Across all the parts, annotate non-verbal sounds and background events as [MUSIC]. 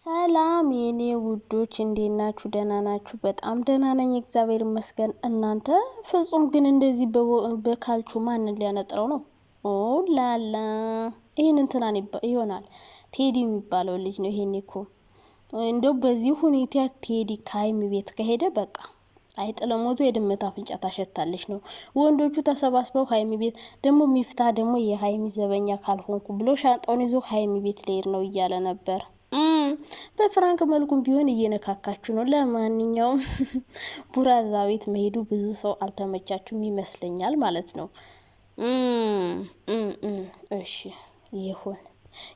ሰላም የኔ ውዶች እንዴት ናችሁ? ደህና ናችሁ? በጣም ደህና ነኝ እግዚአብሔር ይመስገን። እናንተ ፍጹም ግን እንደዚህ በካልቹ ማንን ሊያነጥረው ነው? ላላ ይህን እንትናን ይሆናል ቴዲ የሚባለው ልጅ ነው። ይሄኔ እኮ እንደው በዚህ ሁኔታ ቴዲ ከሀይሚ ቤት ከሄደ በቃ አይጥለሞቱ የድመት አፍንጫ ታሸታለች ነው። ወንዶቹ ተሰባስበው ሀይሚ ቤት ደግሞ ሚፍታ ደግሞ የሀይሚ ዘበኛ ካልሆንኩ ብሎ ሻንጣውን ይዞ ሀይሚ ቤት ሊሄድ ነው እያለ ነበር። በፍራንክ መልኩም ቢሆን እየነካካችሁ ነው። ለማንኛውም [LAUGHS] ቡራ እዛ ቤት መሄዱ ብዙ ሰው አልተመቻችሁም ይመስለኛል ማለት ነው። እሺ ይሁን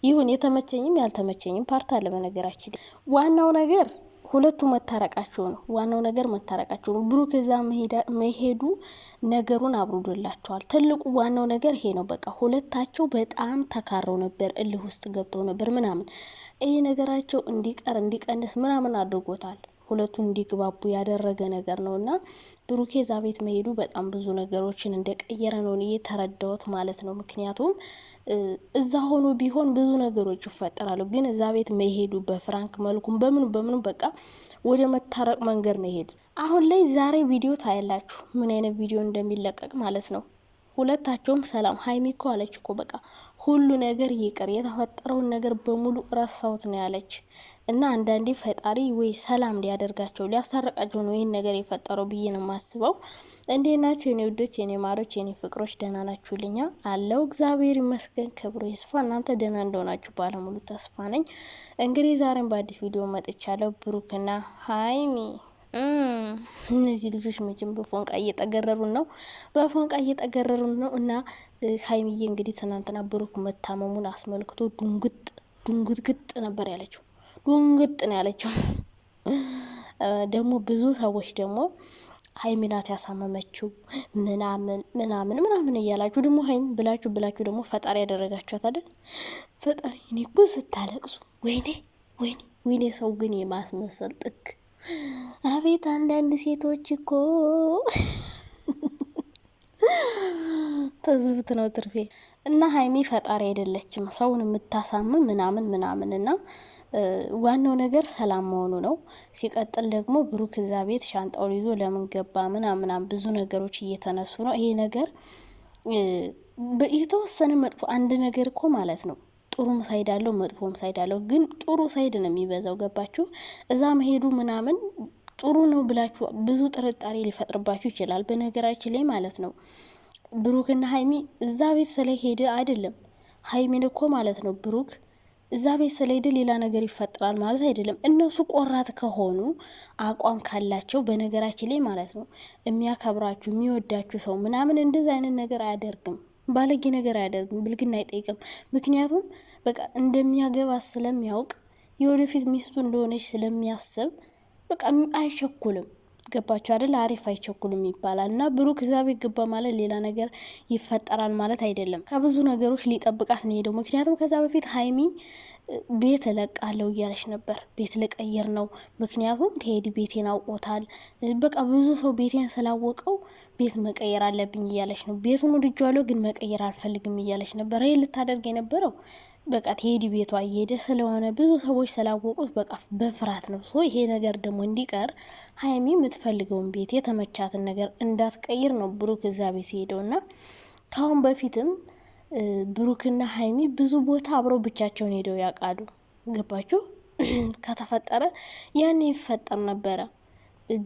ይሁን። የተመቸኝም ያልተመቸኝም ፓርት አለ። በነገራችን ዋናው ነገር ሁለቱ መታረቃቸው ነው። ዋናው ነገር መታረቃቸው ነው። ብሩክ እዛ መሄዱ ነገሩን አብሩዶላቸዋል። ትልቁ ዋናው ነገር ይሄ ነው። በቃ ሁለታቸው በጣም ተካረው ነበር፣ እልህ ውስጥ ገብተው ነበር ምናምን ይሄ ነገራቸው እንዲቀር እንዲቀንስ ምናምን አድርጎታል። ሁለቱ እንዲግባቡ ያደረገ ነገር ነው እና ብሩኬ ዛ ቤት መሄዱ በጣም ብዙ ነገሮችን እንደቀየረ ነው እየተረዳውት ማለት ነው። ምክንያቱም እዛ ሆኖ ቢሆን ብዙ ነገሮች ይፈጠራሉ፣ ግን እዛ ቤት መሄዱ በፍራንክ መልኩም በምኑ በምኑ በቃ ወደ መታረቅ መንገድ ነው ይሄዱ። አሁን ላይ ዛሬ ቪዲዮ ታያላችሁ ምን አይነት ቪዲዮ እንደሚለቀቅ ማለት ነው። ሁለታቸውም ሰላም ሀይሚ እኮ አለች እኮ በቃ ሁሉ ነገር ይቅር፣ የተፈጠረውን ነገር በሙሉ ረሳሁት ነው ያለች። እና አንዳንዴ ፈጣሪ ወይ ሰላም ሊያደርጋቸው ሊያስታርቃቸው ነው ይህን ነገር የፈጠረው ብዬ ነው የማስበው። እንዴት ናቸው የኔ ውዶች፣ የኔ ማሮች፣ የኔ ፍቅሮች? ደህና ናችሁልኛ? አለው እግዚአብሔር ይመስገን፣ ክብሩ ይስፋ። እናንተ ደህና እንደሆናችሁ ባለሙሉ ተስፋ ነኝ። እንግዲህ ዛሬም በአዲስ ቪዲዮ መጥቻለሁ። ብሩክና ሀይሚ እነዚህ ልጆች መቼም በፎንቃ እየጠገረሩን ነው፣ በፎንቃ እየጠገረሩን ነው። እና ሀይሚዬ እንግዲህ ትናንትና ብሩክ መታመሙን አስመልክቶ ዱንግጥ ዱንግጥ ግጥ ነበር ያለችው፣ ዱንግጥ ነው ያለችው። ደግሞ ብዙ ሰዎች ደግሞ ሀይሚ ናት ያሳመመችው ምናምን ምናምን ምናምን እያላችሁ ደግሞ ሀይሚ ብላችሁ ብላችሁ ደግሞ ፈጣሪ ያደረጋችኋት አይደል? ፈጣሪ እኔ እኮ ስታለቅሱ ወይኔ ወይኔ ወይኔ! ሰው ግን የማስመሰል ጥግ አቤት አንዳንድ ሴቶች እኮ ተዝብት ነው ትርፌ። እና ሀይሚ ፈጣሪ አይደለችም ሰውን የምታሳምን ምናምን ምናምን እና ዋናው ነገር ሰላም መሆኑ ነው። ሲቀጥል ደግሞ ብሩክ እዛ ቤት ሻንጣውን ይዞ ለምን ገባ ምናምናም ብዙ ነገሮች እየተነሱ ነው። ይሄ ነገር የተወሰነ መጥፎ አንድ ነገር እኮ ማለት ነው ጥሩም ሳይድ አለው፣ መጥፎም ሳይድ አለው። ግን ጥሩ ሳይድ ነው የሚበዛው። ገባችሁ? እዛ መሄዱ ምናምን ጥሩ ነው ብላችሁ ብዙ ጥርጣሬ ሊፈጥርባችሁ ይችላል። በነገራችን ላይ ማለት ነው ብሩክና ሀይሚ እዛ ቤት ስለሄደ አይደለም ሀይሚን እኮ ማለት ነው ብሩክ እዛ ቤት ስለሄደ ሌላ ነገር ይፈጠራል ማለት አይደለም። እነሱ ቆራት ከሆኑ አቋም ካላቸው በነገራችን ላይ ማለት ነው የሚያከብራችሁ የሚወዳችሁ ሰው ምናምን እንደዚ አይነት ነገር አያደርግም። ባለጌ ነገር አያደርግም፣ ብልግና አይጠይቅም። ምክንያቱም በቃ እንደሚያገባ ስለሚያውቅ የወደፊት ሚስቱ እንደሆነች ስለሚያስብ በቃ አይቸኩልም። አስገባቸው አይደል? አሪፍ አይቸኩልም ይባላል እና ብሩክ እዛ ቤት ገባ ማለት ሌላ ነገር ይፈጠራል ማለት አይደለም። ከብዙ ነገሮች ሊጠብቃት ነው ሄደው። ምክንያቱም ከዛ በፊት ሀይሚ ቤት እለቃለሁ እያለች ነበር። ቤት ልቀይር ነው ምክንያቱም ቴዲ ቤቴን አውቆታል። በቃ ብዙ ሰው ቤቴን ስላወቀው ቤት መቀየር አለብኝ እያለች ነው። ቤቱን ወድጄዋለሁ ግን መቀየር አልፈልግም እያለች ነበር። ይህ ልታደርግ የነበረው በቃ ቴዲ ቤቷ እየሄደ ስለሆነ ብዙ ሰዎች ስላወቁት በቃ በፍርሃት ነው። ሶ ይሄ ነገር ደግሞ እንዲቀር ሀይሚ የምትፈልገውን ቤት የተመቻትን ነገር እንዳትቀይር ነው ብሩክ እዛ ቤት ሄደው እና ከአሁን በፊትም ብሩክና ሀይሚ ብዙ ቦታ አብረው ብቻቸውን ሄደው ያውቃሉ። ገባችሁ? [CLEARS THROAT] ከተፈጠረ ያኔ ይፈጠር ነበረ።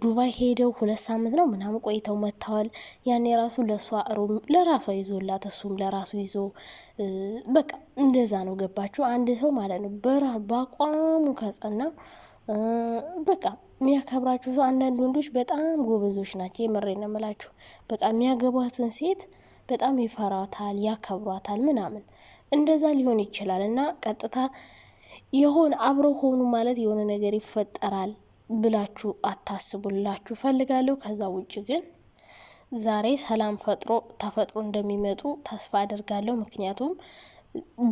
ዱባይ ሄደው ሁለት ሳምንት ነው ምናምን ቆይተው መጥተዋል። ያኔ ራሱ ለእሷ ለራሷ ይዞላት እሱም ለራሱ ይዞ በቃ እንደዛ ነው። ገባችሁ? አንድ ሰው ማለት ነው በራ በአቋሙ ከጸና በቃ የሚያከብራችሁ ሰው። አንዳንድ ወንዶች በጣም ጎበዞች ናቸው። የምሬ ነው የምላችሁ። በቃ የሚያገቧትን ሴት በጣም ይፈራታል፣ ያከብሯታል ምናምን እንደዛ ሊሆን ይችላል። እና ቀጥታ የሆነ አብረው ሆኑ ማለት የሆነ ነገር ይፈጠራል ብላችሁ አታስቡላችሁ ፈልጋለሁ። ከዛ ውጭ ግን ዛሬ ሰላም ፈጥሮ ተፈጥሮ እንደሚመጡ ተስፋ አደርጋለሁ። ምክንያቱም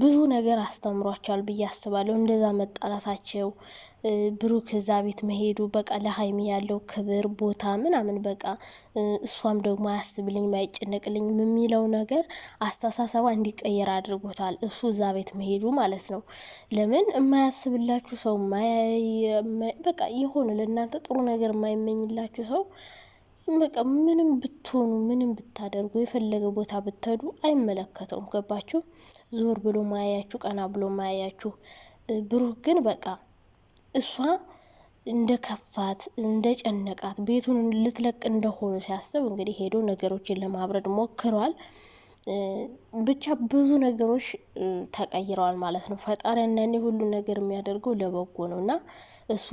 ብዙ ነገር አስተምሯቸዋል ብዬ አስባለሁ። እንደዛ መጣላታቸው፣ ብሩክ እዛ ቤት መሄዱ፣ በቃ ለሀይሚ ያለው ክብር ቦታ ምናምን በቃ እሷም ደግሞ አያስብልኝ አይጨነቅልኝ የሚለው ነገር አስተሳሰባ እንዲቀየር አድርጎታል። እሱ እዛ ቤት መሄዱ ማለት ነው። ለምን የማያስብላችሁ ሰው በቃ የሆነ ለእናንተ ጥሩ ነገር የማይመኝላችሁ ሰው በቃ ምንም ብትሆኑ ምንም ብታደርጉ የፈለገ ቦታ ብትሄዱ አይመለከተውም። ገባችሁ? ዞር ብሎ ማያያችሁ፣ ቀና ብሎ ማያያችሁ። ብሩህ ግን በቃ እሷ እንደ ከፋት እንደ ጨነቃት ቤቱን ልትለቅ እንደሆነ ሲያስብ እንግዲህ ሄዶ ነገሮችን ለማብረድ ሞክሯል። ብቻ ብዙ ነገሮች ተቀይረዋል ማለት ነው። ፈጣሪ አንዳንዴ ሁሉ ነገር የሚያደርገው ለበጎ ነው እና እሱ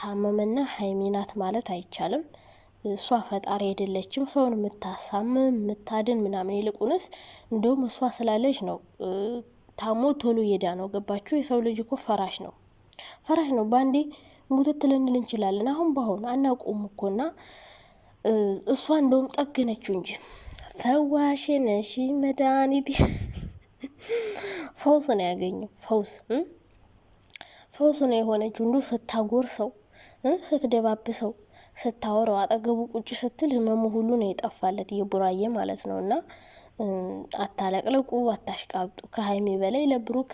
ታመመና ሀይሜ ናት ማለት አይቻልም። እሷ ፈጣሪ አይደለችም ሰውን የምታሳምም የምታድን ምናምን። ይልቁንስ እንደውም እሷ ስላለች ነው ታሞ ቶሎ የዳ ነው። ገባችሁ? የሰው ልጅ እኮ ፈራሽ ነው፣ ፈራሽ ነው። በአንዴ ሙትት ልንል እንችላለን። አሁን በአሁን አናቆም እኮና እሷ እንደውም ጠገነችው እንጂ ፈዋሽ ነሽ መድኃኒት [LAUGHS] ፈውስ ነው ያገኘው። ፈውስ ፈውስ ነው የሆነችው እንዱ ስታጎርሰው ስትደባብሰው ስታወራው አጠገቡ ቁጭ ስትል ህመሙ ሁሉ ነው የጠፋለት የቡራዬ ማለት ነው። እና አታለቅለቁ፣ አታሽቃብጡ። ከሀይሜ በላይ ለብሩክ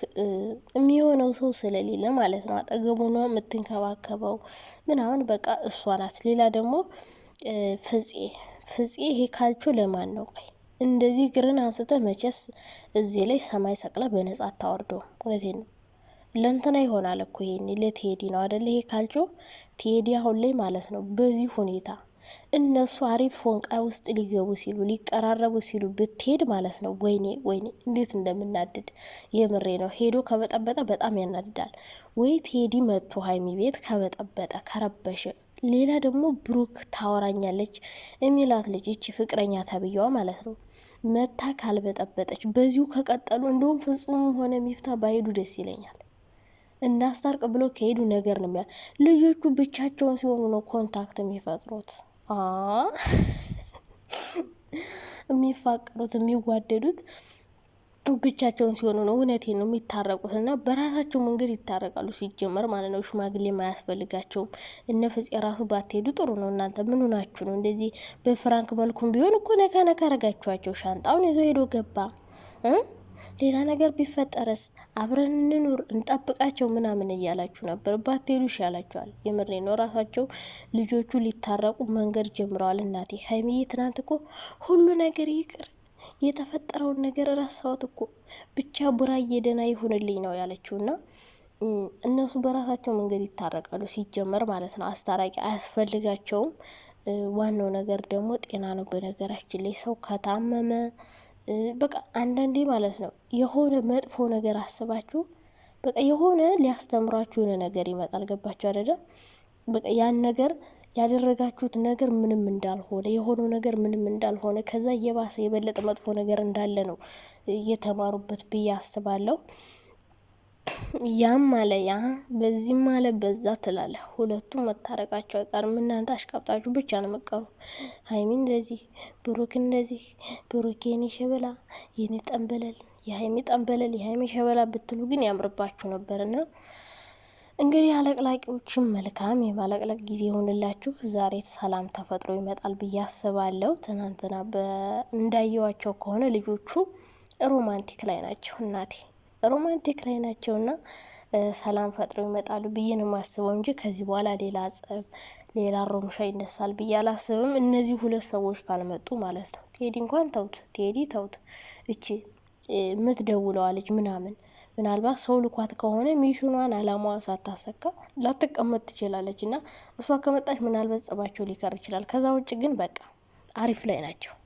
የሚሆነው ሰው ስለሌለ ማለት ነው። አጠገቡ ነው የምትንከባከበው ምናምን በቃ እሷ ናት። ሌላ ደግሞ ፍጼ ፍፄ ይሄ ካልቾ ለማን ነው? ቆይ እንደዚህ ግርን አንስተ መቼስ እዚህ ላይ ሰማይ ሰቅላ በነጻ አታወርደው። እውነቴ ነው። ለእንትና ይሆናል እኮ ይሄኔ ለቴዲ ነው አደለ? ይሄ ካልቾ ቴዲ አሁን ላይ ማለት ነው። በዚህ ሁኔታ እነሱ አሪፍ ፎንቃ ውስጥ ሊገቡ ሲሉ ሊቀራረቡ ሲሉ ብትሄድ ማለት ነው። ወይኔ ወይኔ እንዴት እንደምናድድ የምሬ ነው። ሄዶ ከበጠበጠ በጣም ያናድዳል። ወይ ቴዲ መጥቶ ሀይሚ ቤት ከበጠበጠ ከረበሸ ሌላ ደግሞ ብሩክ ታወራኛለች የሚላት ልጅ እቺ ፍቅረኛ ተብያዋ ማለት ነው መታ ካልበጠበጠች በዚሁ ከቀጠሉ እንደውም ፍጹም ሆነ ሚፍታ ባይሄዱ ደስ ይለኛል። እናስታርቅ ብሎ ከሄዱ ነገር ነው የሚያ ልጆቹ ብቻቸውን ሲሆኑ ነው ኮንታክት የሚፈጥሩት የሚፋቀሩት የሚዋደዱት ብቻቸውን ሲሆኑ ነው። እውነቴ ነው የሚታረቁት እና በራሳቸው መንገድ ይታረቃሉ። ሲጀመር ማለት ነው ሽማግሌ ማያስፈልጋቸውም እነ ፍፄ የራሱ ባትሄዱ ጥሩ ነው። እናንተ ምኑ ናችሁ ነው? እንደዚህ በፍራንክ መልኩም ቢሆን እኮ ነካ ነካ አረጋችኋቸው። ሻንጣውን ይዞ ሄዶ ገባ። ሌላ ነገር ቢፈጠረስ አብረን እንኑር እንጠብቃቸው ምናምን እያላችሁ ነበር። ባትሄዱ ይሻላቸዋል። የምሬ ነው። ራሳቸው ልጆቹ ሊታረቁ መንገድ ጀምረዋል። እናቴ ሀይሚዬ ትናንት እኮ ሁሉ ነገር ይቅር የተፈጠረውን ነገር ረሳሁት እኮ ብቻ ቡራዬ ደህና ይሁንልኝ ነው ያለችው እና እነሱ በራሳቸው መንገድ ይታረቃሉ። ሲጀመር ማለት ነው አስታራቂ አያስፈልጋቸውም። ዋናው ነገር ደግሞ ጤና ነው። በነገራችን ላይ ሰው ከታመመ በቃ አንዳንዴ ማለት ነው የሆነ መጥፎ ነገር አስባችሁ በቃ የሆነ ሊያስተምራችሁ የሆነ ነገር ይመጣል። ገባችሁ አደለ? በቃ ያን ነገር ያደረጋችሁት ነገር ምንም እንዳልሆነ የሆነው ነገር ምንም እንዳልሆነ ከዛ የባሰ የበለጠ መጥፎ ነገር እንዳለ ነው እየተማሩበት ብዬ አስባለሁ። ያም አለ ያ በዚህም አለ በዛ ትላለ። ሁለቱም መታረቃቸው አይቀርም። እናንተ አሽቃብጣችሁ ብቻ ነው መቀሩ። ሀይሚ እንደዚህ ብሩክ እንደዚህ ብሩክ የኔ ሸበላ የኔ ጠንበለል የሀይሚ ጠንበለል የሀይሚ ሸበላ ብትሉ ግን ያምርባችሁ ና እንግዲህ አለቅላቂዎችም መልካም የማለቅለቅ ጊዜ ይሆንላችሁ። ዛሬ ሰላም ተፈጥሮ ይመጣል ብዬ አስባለሁ። ትናንትና እንዳየዋቸው ከሆነ ልጆቹ ሮማንቲክ ላይ ናቸው እናቴ ሮማንቲክ ላይ ናቸውና ሰላም ፈጥረው ይመጣሉ ብዬ ነው የማስበው እንጂ ከዚህ በኋላ ሌላ ጸብ፣ ሌላ ሮምሻ ይነሳል ብዬ አላስብም። እነዚህ ሁለት ሰዎች ካልመጡ ማለት ነው። ቴዲ እንኳን ተውት፣ ቴዲ ተውት። እቺ ምትደውለዋለች ምናምን ምናልባት ሰው ልኳት ከሆነ ሚሽኗን አላማዋን ሳታሰካ ላትቀመጥ ትችላለች እና እሷ ከመጣች ምናልባት ጸባቸው ሊቀር ይችላል። ከዛ ውጭ ግን በቃ አሪፍ ላይ ናቸው።